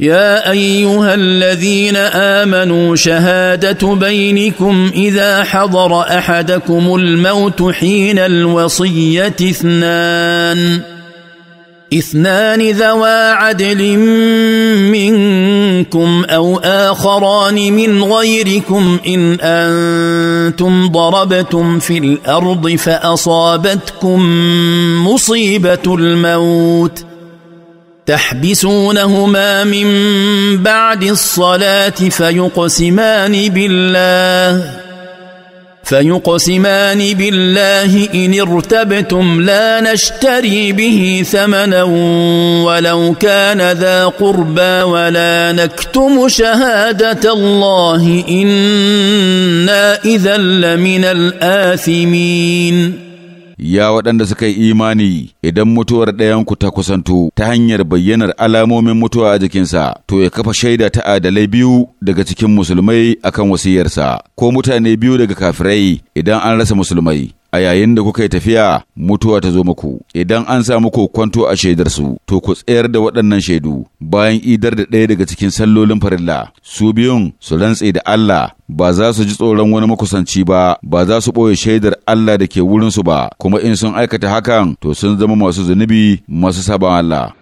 يا ايها الذين امنوا شهاده بينكم اذا حضر احدكم الموت حين الوصيه اثنان اثنان ذوا عدل منكم او اخران من غيركم ان انتم ضربتم في الارض فاصابتكم مصيبه الموت تحبسونهما من بعد الصلاه فيقسمان بالله فيقسمان بالله ان ارتبتم لا نشتري به ثمنا ولو كان ذا قربى ولا نكتم شهاده الله انا اذا لمن الاثمين ya waɗanda suka yi imani idan mutuwar ɗayanku ta kusanto ta hanyar bayyanar alamomin mutuwa a jikinsa to ya kafa shaida ta adalai biyu daga cikin musulmai akan wasiyarsa ko mutane biyu daga kafirai idan an rasa musulmai a yayin da kuka yi tafiya mutuwa ta zo muku idan an sa muku kwanto a shaidarsu to ku tsayar da waɗannan shaidu bayan idar da ɗaya daga cikin sallolin farilla su biyun su rantse da Allah ba za su ji tsoron wani makusanci ba ba za su ɓoye shaidar Allah da ke wurinsu ba kuma in sun aikata hakan to sun zama masu zunubi masu sabon Allah